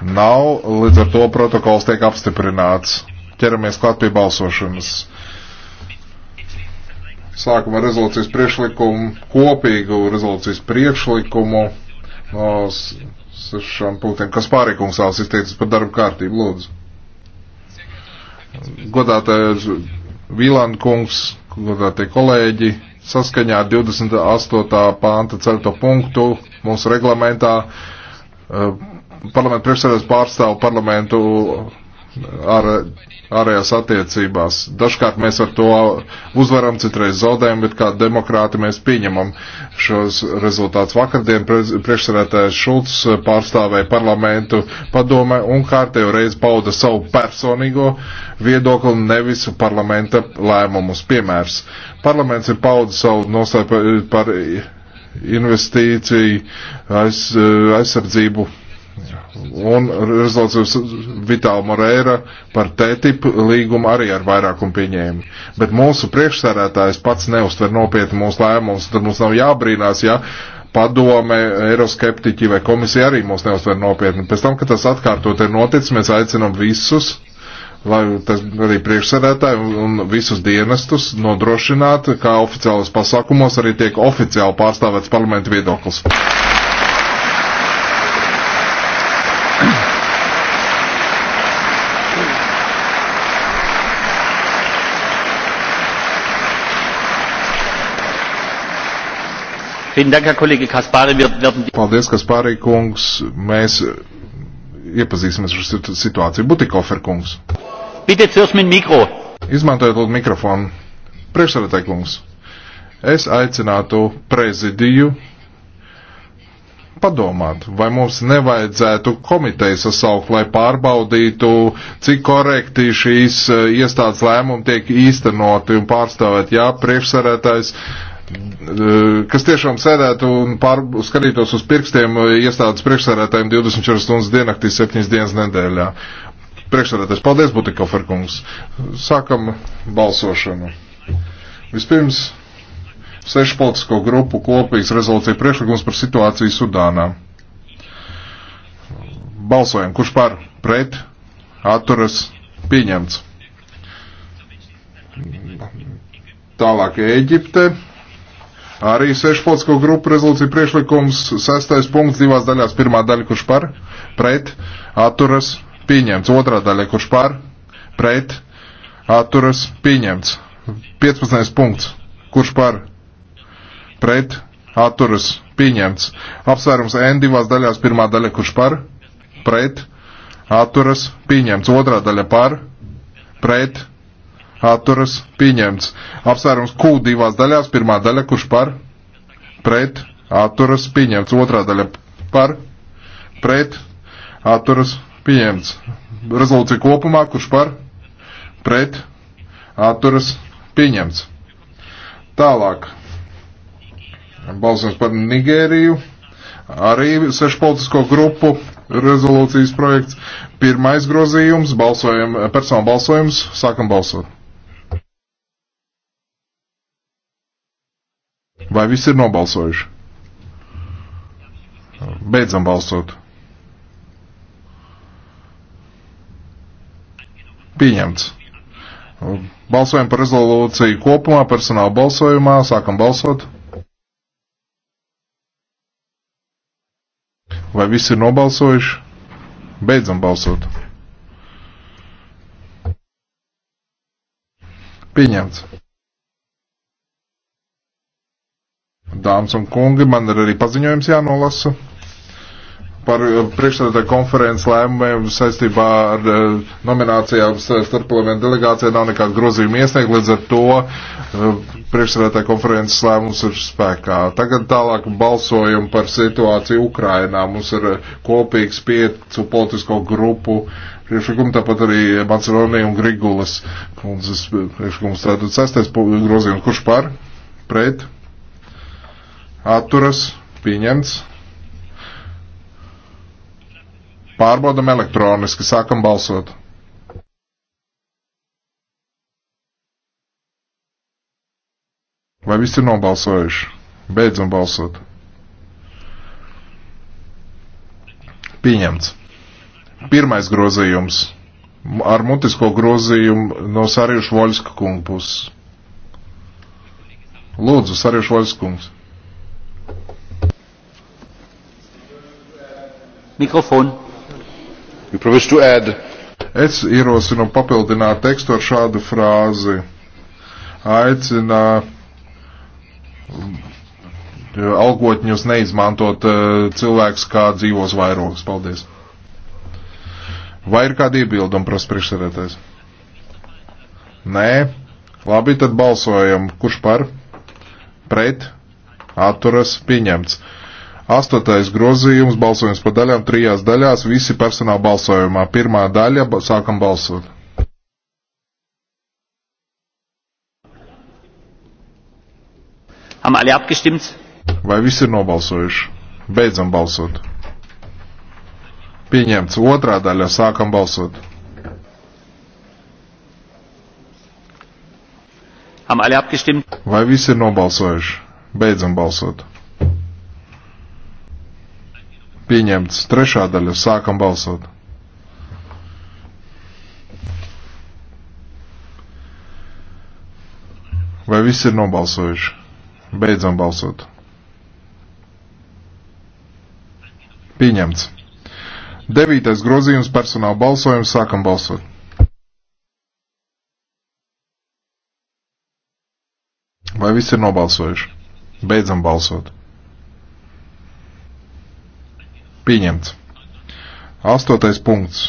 Nav, līdz ar to protokols tiek apstiprināts. Ķeramies klāt pie balsošanas. Sākam ar rezolūcijas priekšlikumu, kopīgu rezolūcijas priekšlikumu no sešām punktiem. Kas pārīkums vēlas izteicis par darbu kārtību, lūdzu? Godātais Vīlanda kungs, godātie kolēģi, saskaņā ar 28. pānta 4. punktu mūsu reglamentā eh, parlamenta priekšsēdētājs pārstāv parlamentu ar ārējās attiecībās. Dažkārt mēs ar to uzvaram, citreiz zaudējam, bet kā demokrāti mēs pieņemam šos rezultātus. Vakardien priekšsarētājs Šulcs pārstāvēja parlamentu padome un kārtējo reizi pauda savu personīgo viedokli un nevis parlamenta lēmumus. Piemērs. Parlaments ir pauda savu nostāju par investīciju aiz, eh, aizsardzību Un rezolūcijas Vitāla Moreira par TTIP līgumu arī ar vairākumu pieņēma. Bet mūsu priekšsēdētājs pats neuztver nopietni mūsu lēmumus, tad mums nav jābrīnās, ja padome, eiroskeptiķi vai komisija arī mūs neuztver nopietni. Pēc tam, kad tas atkārtot ir noticis, mēs aicinām visus lai tas arī priekšsēdētāji un visus dienestus nodrošinātu, kā oficiālos pasākumos arī tiek oficiāli pārstāvēts parlamenta viedoklis. Paldies, Kaspārī kungs. Mēs iepazīsimies ar situāciju. Butikofer kungs. Izmantojiet lūdzu mikrofonu. Priekšsēdētāj kungs. Es aicinātu prezidiju padomāt, vai mums nevajadzētu komiteju sasaukt, lai pārbaudītu, cik korekti šīs eh, iestādes lēmumi tiek īstenoti un pārstāvēt. Jā, priekšsarētājs kas tiešām sēdētu un pār, skatītos uz pirkstiem eh, iestādes priekšsēdētājiem 24 stundas diennaktī, 7 dienas nedēļā. Priekšsēdētājs, paldies, Butikoferkungs. Sākam balsošanu. Vispirms sešu politisko grupu kopīgs rezolūcija priekšlikums par situāciju Sudānā. Balsojam, kurš par, pret, atturas, pieņemts. Tālāk Ēģipte. Arī sešpolsko grupu rezolūcija priekšlikums sestais punkts divās daļās. Pirmā daļa, kurš par, pret, atturas, pieņemts. Otrā daļa, kurš par, pret, atturas, pieņemts. 15. punkts, kurš par, pret, atturas, pieņemts. Apsvērums N divās daļās. Pirmā daļa, kurš par, pret, atturas, pieņemts. Otrā daļa par, pret, atturas pieņemts. Apsvērums Q divās daļās. Pirmā daļa, kurš par, pret, atturas pieņemts. Otrā daļa par, pret, atturas pieņemts. Rezolūcija kopumā, kurš par, pret, atturas pieņemts. Tālāk. Balsams par Nigēriju. Arī sešu politisko grupu rezolūcijas projekts. Pirmais grozījums, balsojam, personu balsojums, sākam balsot. Vai viss ir nobalsojuši? Beidzam balsot. Pieņemts. Balsojam par rezolūciju kopumā, personāla balsojumā. Sākam balsot. Vai visi ir nobalsojuši? Beidzam balsot. Pieņemts. Dāmas un kungi, man ir arī paziņojums jānolasa par eh, priekšsēdētāju konferences lēmumiem saistībā ar eh, nominācijām starp parlamentu delegācijā nav nekāda grozījuma iesniegt, līdz ar to eh, priekšsēdētāju konferences lēmums ir spēkā. Tagad tālāk balsojam par situāciju Ukrainā. Mums ir kopīgs piecu politisko grupu priekšlikumu, tāpat arī Maceronija un Grigulas kundzes priekšlikums. Tātad sestais grozījums, kurš par? Pret? atturas pieņemts. Pārbaudam elektroniski, sākam balsot. Vai visi ir nobalsojuši? Beidzam balsot. Pieņemts. Pirmais grozījums ar mutisko grozījumu no Sarjuša Voļska kunga puses. Lūdzu, Sarjuša Voļska kungs. Mikrofon. You promised to add. Es ierosinu papildināt tekstu ar šādu frāzi. Aicina um, algotņus neizmantot uh, cilvēks, kā dzīvos vairogs. Paldies. Vai ir kādi iebildumi, prasa priekšsēdētājs? Nē. Labi, tad balsojam. Kurš par? Pret? Atturas? Pieņemts. Astotais grozījums, balsojums pa daļām, trijās daļās, visi personāla balsojumā. Pirmā daļa, sākam balsot. Vai visi ir nobalsojuši? Beidzam balsot. Pieņemts. Otrā daļa, sākam balsot. Vai visi ir nobalsojuši? Beidzam balsot. Pieņemts. Trešā daļa. Sākam balsot. Vai visi ir nobalsojuši? Beidzam balsot. Pieņemts. Devītais grozījums personāla balsojums. Sākam balsot. Vai visi ir nobalsojuši? Beidzam balsot. Pieņemts. Astotais punkts.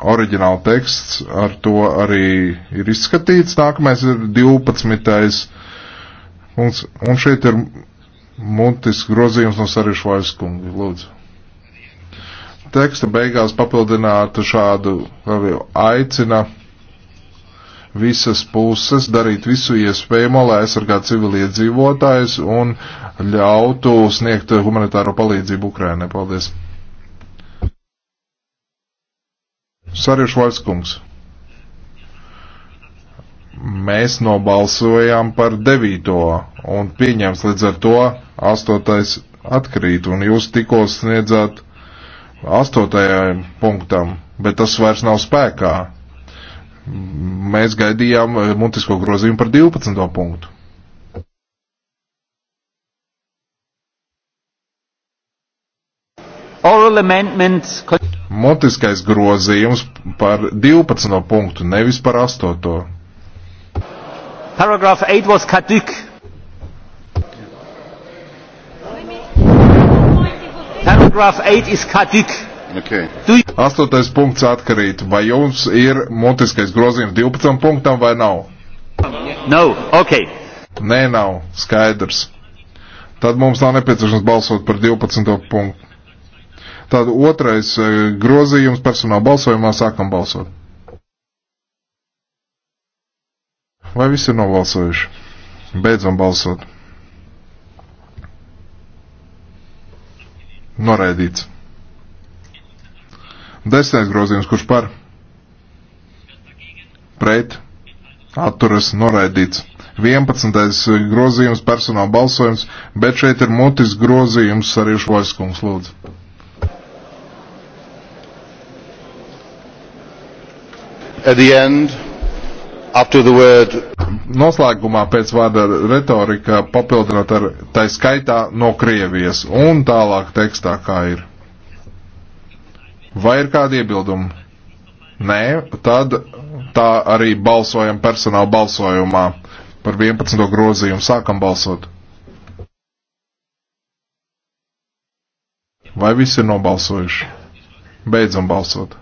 Oriģināla teksts ar to arī ir izskatīts. Nākamais ir 12. punkts. Un šeit ir mutisks grozījums no Sarešvaļas kunga. Lūdzu. Teksta beigās papildinātu šādu aicina visas puses darīt visu iespējamo, lai aizsargātu civiliedzīvotājus un ļautu sniegt humanitāro palīdzību Ukrainai. Paldies! Sarjuši Vaļskungs. Mēs nobalsojām par devīto un pieņems līdz ar to astotais atkrīt un jūs tikko sniedzāt astotajai punktam, bet tas vairs nav spēkā mēs gaidījām eh, mutisko grozījumu par 12. punktu. Mutiskais grozījums par 12. punktu, nevis par 8. Paragraf 8 was kaduk. Paragraf 8 is kaduk. Okay. Astotais punkts atkarīt. Vai jums ir mutiskais grozījums 12 punktam vai nav? No, ok. Nē, nav. Skaidrs. Tad mums nav nepieciešams balsot par 12. punktu. Tad otrais eh, grozījums personāla balsojumā sākam balsot. Vai visi ir nobalsojuši? Beidzam balsot. Noraidīts. Desmitais grozījums, kurš par? Pret. Atturas noraidīts. 11. grozījums personāla balsojums, bet šeit ir mutis grozījums arī Švaļskungs lūdzu. At the end, after the word... Noslēgumā pēc vārda retorika papildinot ar tai skaitā no Krievijas un tālāk tekstā kā ir. Vai ir kādi iebildumi? Nē, tad tā arī balsojam personāla balsojumā par 11. grozījumu. Sākam balsot. Vai visi ir nobalsojuši? Beidzam balsot.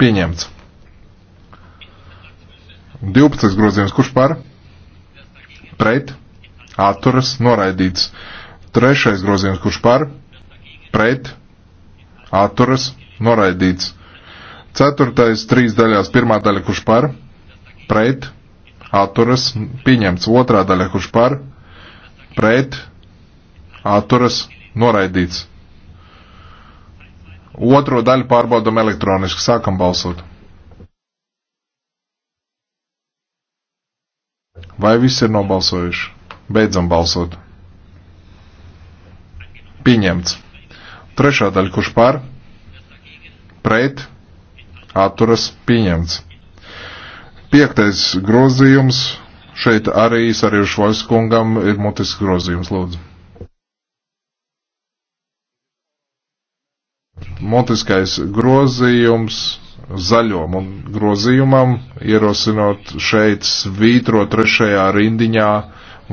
Pieņemts. 12. grozījums. Kurš par? Pret. Atturas. Noraidīts. Trešais grozījums. Kurš par? pret, atturas, noraidīts. Ceturtais trīs daļās, pirmā daļa kurš par, pret, atturas, pieņemts. Otrā daļa kurš par, pret, atturas, noraidīts. Otro daļu pārbaudam elektroniski, sākam balsot. Vai visi ir nobalsojuši? Beidzam balsot. Pieņemts. Trešā daļa, kurš par, pret, atturas pieņemts. Piektais grozījums, šeit arī Sarjušu Vaiskungam ir mutisks grozījums, lūdzu. Mutiskais grozījums zaļom un grozījumam, ierosinot šeit svītro trešajā rindiņā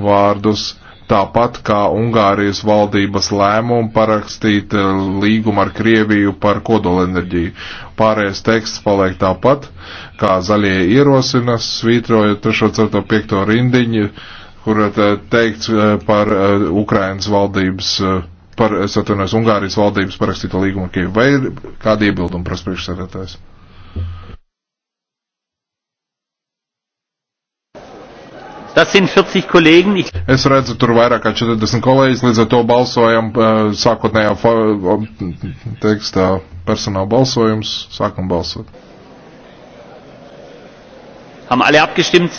vārdus tāpat kā Ungārijas valdības lēmumu parakstīt eh, līgumu ar Krieviju par kodolenerģiju. Pārējais teksts paliek tāpat, kā zaļie ierosina, svītrojot 3, 4, 5 rindiņu, kur eh, teikts eh, par Ukrainas valdības, par, es atvainojos, Ungārijas valdības parakstīto līgumu ar Krieviju. Vai ir kādi iebildumi, praspriekšsēdētājs? Tas ir 40 kolēģi. Es redzu, tur vairāk kā 40 kolēģis, līdz ar to balsojam eh, sākotnējā tekstā personāla balsojums. Sākam balsot. Haben alle abgestimmt?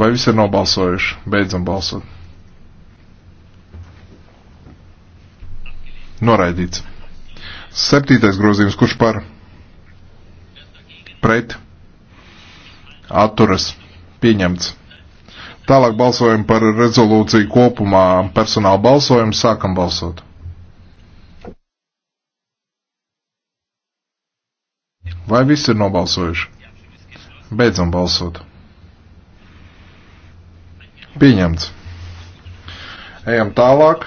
Vai visi ir nobalsojuši? Beidzam balsot. Noraidīts. Septītais grozījums, kurš par? Pret. Atturas. Pieņemts. Tālāk balsojam par rezolūciju kopumā. Personāla balsojumu sākam balsot. Vai viss ir nobalsojuši? Beidzam balsot. Pieņemts. Ejam tālāk.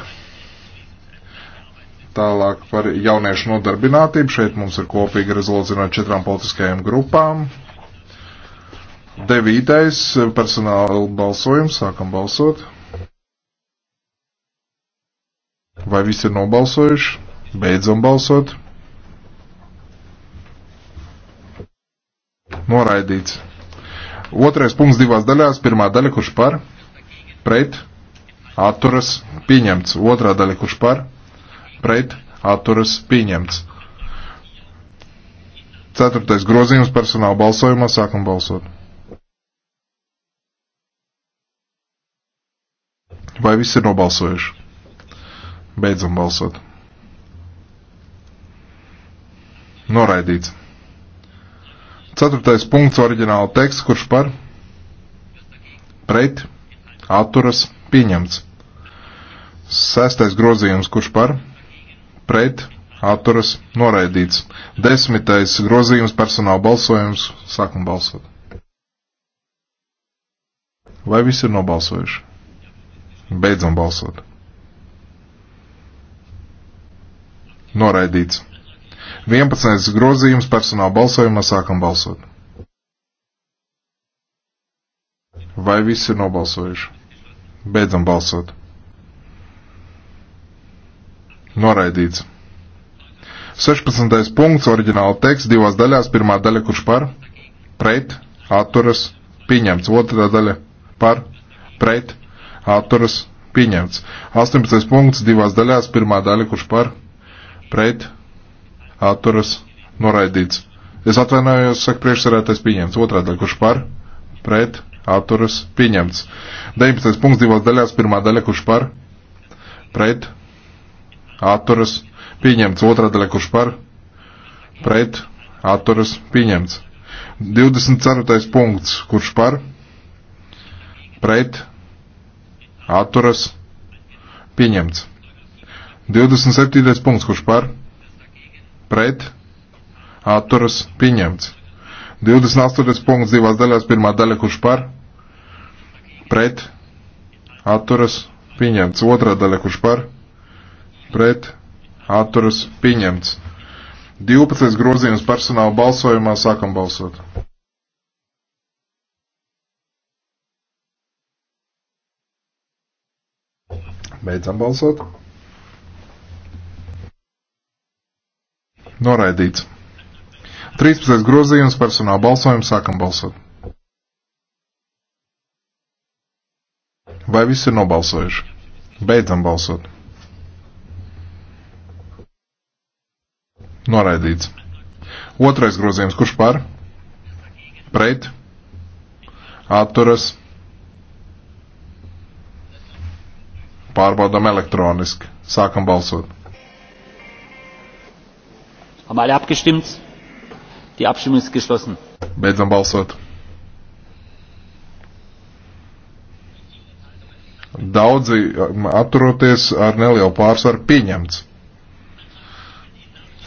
Tālāk par jauniešu nodarbinātību. Šeit mums ir kopīga rezolūcija no četrām politiskajām grupām. Devītais eh, personāla balsojums. Sākam balsot. Vai visi ir nobalsojuši? Beidzam balsot. Noraidīts. Otrais punkts divās daļās. Pirmā daļa, kurš par, pret, atturas, pieņemts. Otrā daļa, kurš par, pret, atturas, pieņemts. Ceturtais grozījums personāla balsojumā sākam balsot. Vai visi ir nobalsojuši? Beidzam balsot. Noraidīts. Ceturtais punkts oriģināla teksts, kurš par pret atturas pieņemts. Sestais grozījums, kurš par pret atturas noraidīts. Desmitais grozījums personāla balsojums. Sākam balsot. Vai visi ir nobalsojuši? Beidzam balsot. Noraidīts. 11. grozījums personāla balsojumā sākam balsot. Vai visi ir nobalsojuši? Beidzam balsot. Noraidīts. 16. punkts, oriģināla teksts, divās daļās. Pirmā daļa, kurš par, pret, atturas, pieņemts. Otrā daļa, par, pret, atturas pieņemts. 18. punkts divās daļās, pirmā daļa, kurš par, pret, atturas noraidīts. Es atvainojos, saka priekšsarētais pieņemts. Otrā daļa, kurš par, pret, atturas pieņemts. 19. punkts divās daļās, pirmā daļa, kurš par, pret, atturas pieņemts. Otrā daļa, kurš par, pret, atturas pieņemts. 24. punkts, kurš par, pret, atturas pieņemts. 27. punkts, kurš par pret atturas pieņemts. 28. punkts divās daļās, pirmā daļa, kurš par pret atturas pieņemts. Otrā daļa, kurš par pret atturas pieņemts. 12. grozījums personāla balsojumā sākam balsot. Beidzam balsot. Noraidīts. 13. grozījums personāla balsojumu sākam balsot. Vai visi ir nobalsojuši? Beidzam balsot. Noraidīts. Otrais grozījums, kurš par? Pret? Atturas? pārbaudām elektroniski. Sākam balsot. Haben alle abgestimmt? Die Abstimmung ist geschlossen. Beidzam balsot. Daudzi um, atturoties ar nelielu pārsvaru pieņemts.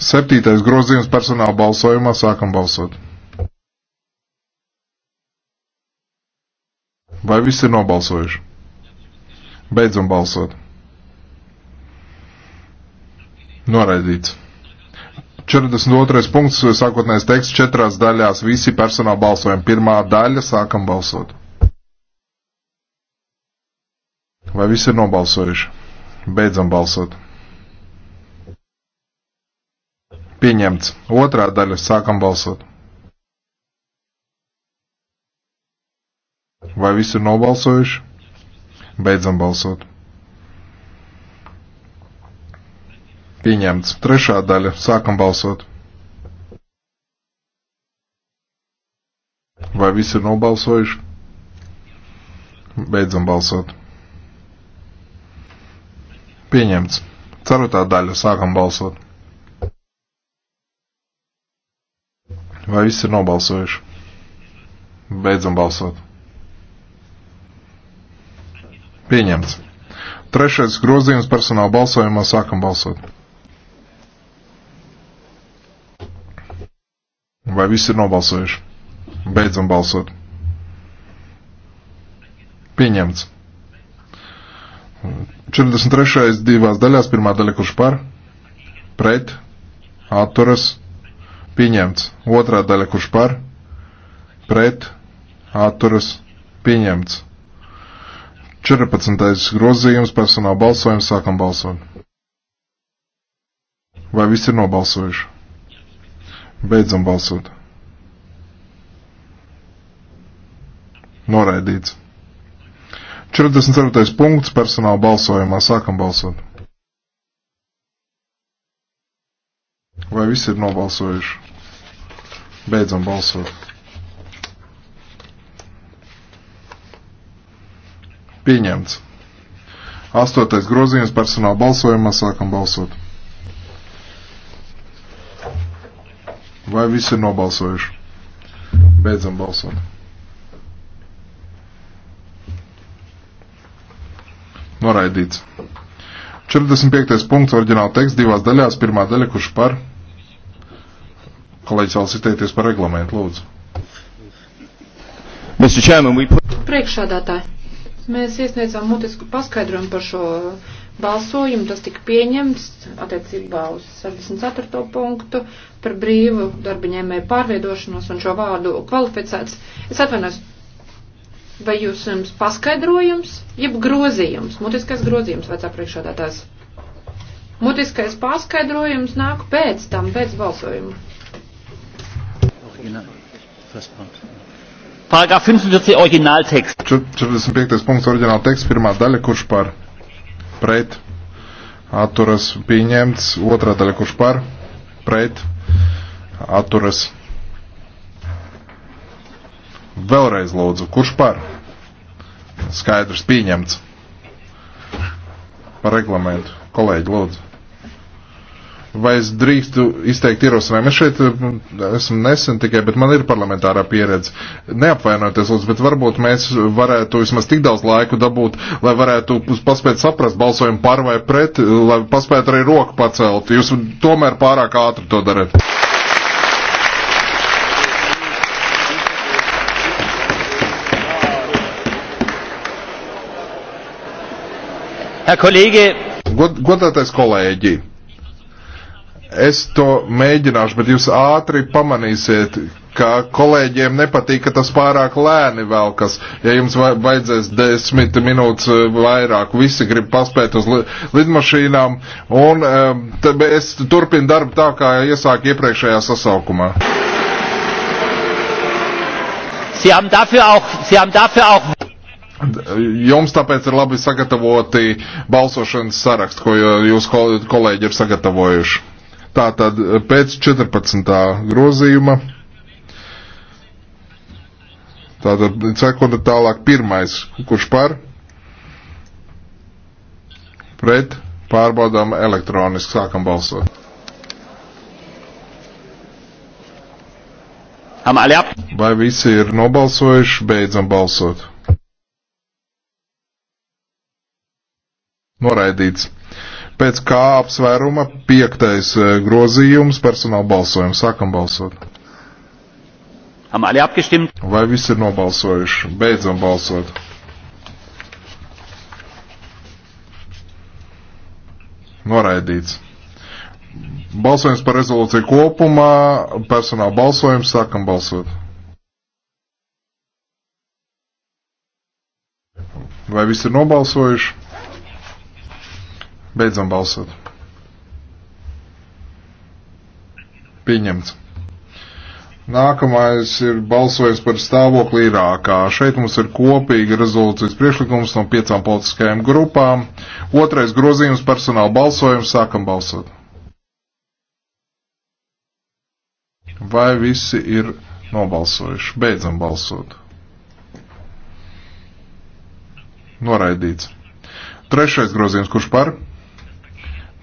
Septītais grozījums personāla balsojumā sākam balsot. Vai visi ir nobalsojuši? Beidzam balsot. Noraidīts. 42. punkts, sākotnējais teksts, četrās daļās visi personāla balsojumi. Pirmā daļa, sākam balsot. Vai visi ir nobalsojuši? Beidzam balsot. Pieņemts. Otrā daļa, sākam balsot. Vai visi ir nobalsojuši? Beidzam balsot. Pieņemts. Trešā daļa. Sākam balsot. Vai visi ir nobalsojuši? Beidzam balsot. Pieņemts. Ceturtā daļa. Sākam balsot. Vai visi ir nobalsojuši? Beidzam balsot. Pieņemts. Trešais grozījums personāla balsojumā sākam balsot. Vai visi ir nobalsojuši? Beidzam balsot. Pieņemts. 43. divās daļās, pirmā daļa kurš par, pret, atturas, pieņemts. Otrā daļa kurš par, pret, atturas, pieņemts. 14. grozījums personāla balsojums sākam balsot. Vai visi ir nobalsojuši? Beidzam balsot. Noraidīts. 44. punkts personāla balsojumā sākam balsot. Vai visi ir nobalsojuši? Beidzam balsot. Pieņemts. Astotais grozījums personāla balsojumā sākam balsot. Vai visi ir nobalsojuši? Beidzam balsot. Noraidīts. 45. punkts, oriģināla teksts divās daļās. Pirmā daļa, kurš par? Kolēģis vēl citēties par reglamentu, lūdzu. Priekšādātāji. Mēs iesniedzām mutisku paskaidrojumu par šo balsojumu. Tas tika pieņemts attiecībā uz 64. punktu par brīvu darbiņēmēju pārviedošanos un šo vārdu kvalificēts. Es atvainojos, vai jūs jums paskaidrojums, jeb grozījums, mutiskais grozījums vecā priekšādātājs? Mutiskais paskaidrojums nāk pēc tam, pēc balsojuma. First point. Paragraf 45 oriģinālteksts. 45. punkts oriģinālteksts, pirmā daļa, kurš par pret atturas pieņemts, otrā daļa, kurš par pret atturas. Vēlreiz lūdzu, kurš par? Skaidrs pieņemts. Par reglamentu. Kolēģi, lūdzu vai es drīkstu izteikt ierosinājumu. Es šeit mm, esmu nesen tikai, bet man ir parlamentārā pieredze. Neapvainojieties, lūdzu, bet varbūt mēs varētu vismaz tik daudz laiku dabūt, lai varētu paspēt saprast balsojumu par vai pret, lai paspētu arī roku pacelt. Jūs tomēr pārāk ātri to darat. Herr Kollege, God, godātais kolēģi, Es to mēģināšu, bet jūs ātri pamanīsiet, ka kolēģiem nepatīk, ka tas pārāk lēni velkas. Ja jums vajadzēs desmit minūtes eh, vairāk, visi grib paspēt uz lidmašīnām, un eh, es turpinu darbu tā, kā iesāku iepriekšējā sasaukumā. Sie haben dafür auch, Sie haben dafür auch Jums tāpēc ir labi sagatavoti balsošanas saraksts, ko eh, jūs kolēģi ir sagatavojuši. Tātad eh, pēc 14. grozījuma, tātad sekot tālāk pirmais, kurš par, pret, pārbaudām elektroniski, sākam balsot. Vai visi ir nobalsojuši, beidzam balsot? Noraidīts pēc kā apsvēruma piektais e, grozījums personāla balsojuma. Sākam balsot. Vai visi ir nobalsojuši? Beidzam balsot. Noraidīts. Balsojums par rezolūciju kopumā, personāla balsojums, sākam balsot. Vai visi ir nobalsojuši? Beidzam balsot. Pieņemts. Nākamais ir balsojums par stāvokli Irākā. Šeit mums ir kopīga rezolūcijas priekšlikums no piecām politiskajām grupām. Otrais grozījums personāla balsojums. Sākam balsot. Vai visi ir nobalsojuši? Beidzam balsot. Noraidīts. Trešais grozījums, kurš par?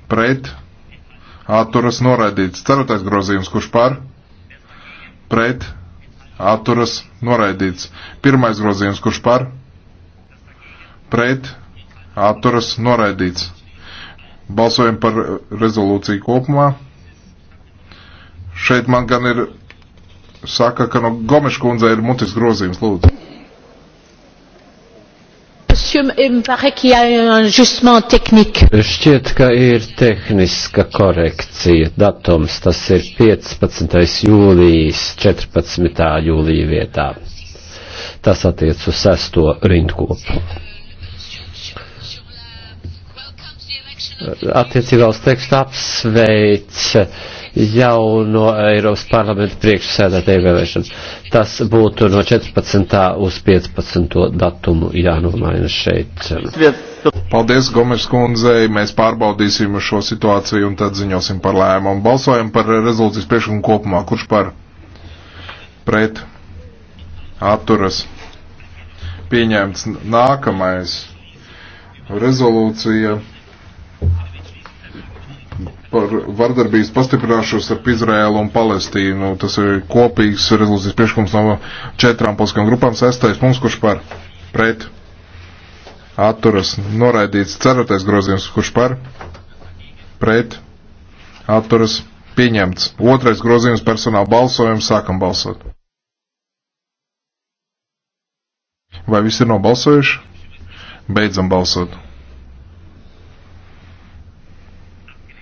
pret, atturas noraidīts. Ceturtais grozījums, kurš par, pret, atturas noraidīts. Pirmais grozījums, kurš par, pret, atturas noraidīts. Balsojam par rezolūciju kopumā. Šeit man gan ir saka, ka no Gomeša kundzei ir mutis grozījums, lūdzu. Šķiet, ka ir tehniska korekcija. Datums tas ir 15. jūlijas, 14. jūlija vietā. Tas attiec uz sesto rindkopu. Attiecībā uz tekstu apsveic jauno Eiropas parlamenta priekšsēdētāju ievēlēšanas. Tas būtu no 14. uz 15. datumu jānomaina šeit. Paldies, Gomes kundzei. Mēs pārbaudīsim šo situāciju un tad ziņosim par lēmumu. Balsojam par rezolūcijas priekšlikumu kopumā. Kurš par? Pret? Atturas? Pieņemts nākamais rezolūcija par vardarbības pastiprināšos ar Izraēlu un Palestīnu. Tas ir kopīgs rezolūcijas priekšlikums no četrām politiskām grupām. Sestais punkts, kurš par pret atturas noraidīts. Ceturtais grozījums, kurš par pret atturas pieņemts. Otrais grozījums personāla balsojums. Sākam balsot. Vai visi ir nobalsojuši? Beidzam balsot.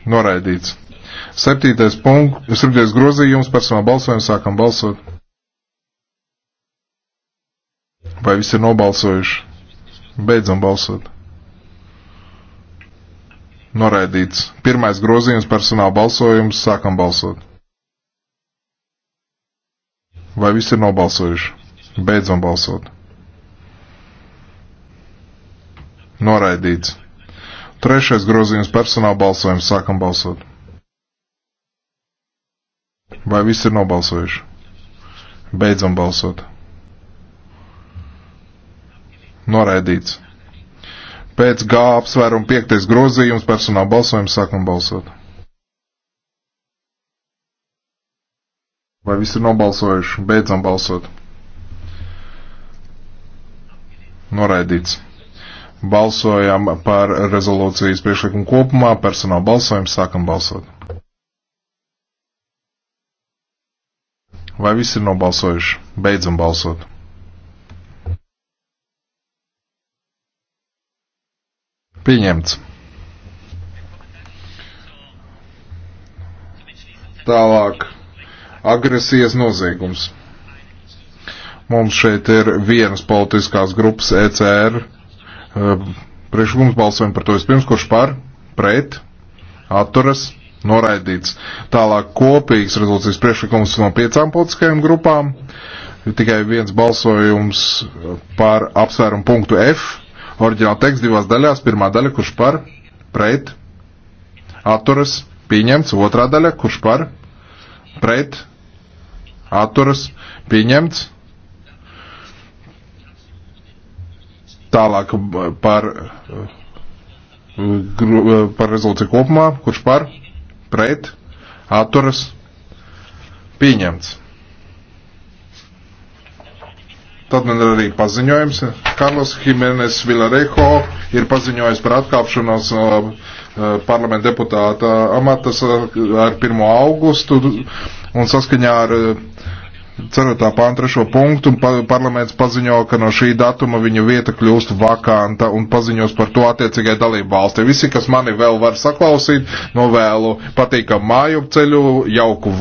Noraidīts. Septītais punkts, septītais grozījums, personāla balsojums, sākam balsot. Vai visi ir nobalsojuši? Beidzam balsot. Noraidīts. Pirmais grozījums, personāla balsojums, sākam balsot. Vai visi ir nobalsojuši? Beidzam balsot. Noraidīts. Trešais grozījums personāla balsojums. Sākam balsot. Vai viss ir nobalsojuši? Beidzam balsot. Noraidīts. Pēc G apsvērumu piektais grozījums personāla balsojums sākam balsot. Vai visi ir nobalsojuši? Beidzam balsot. Noraidīts. Balsojam par rezolūcijas priekšlikumu kopumā, personāla balsojumu, sākam balsot. Vai visi ir nobalsojuši? Beidzam balsot. Pieņemts. Tālāk. Agresijas noziegums. Mums šeit ir vienas politiskās grupas ECR Eh, priekšlikums balsojam par to vispirms, kurš par, pret, atturas, noraidīts. Tālāk kopīgs rezolūcijas priekšlikums no piecām politiskajām grupām. Tikai viens balsojums par apsvērumu punktu F. Oriģināla teksts divās daļās. Pirmā daļa, kurš par, pret, atturas, pieņemts. Otrā daļa, kurš par, pret, atturas, pieņemts. Tālāk uh, par, uh, uh, par rezolūciju kopumā, kurš par, pret, atturas, pieņemts. Tad man ir arī paziņojums. Karlos Jimenez Vilarejo ir paziņojis par atkāpšanos parlamenta deputāta amatas ar 1. augustu un saskaņā ar ceturtā pānta trešo punktu, un parlaments paziņo, ka no šī datuma viņa vieta kļūst vakanta un paziņos par to attiecīgai dalību valstī. Visi, kas mani vēl var saklausīt, novēlu patīkamu māju ceļu, jauku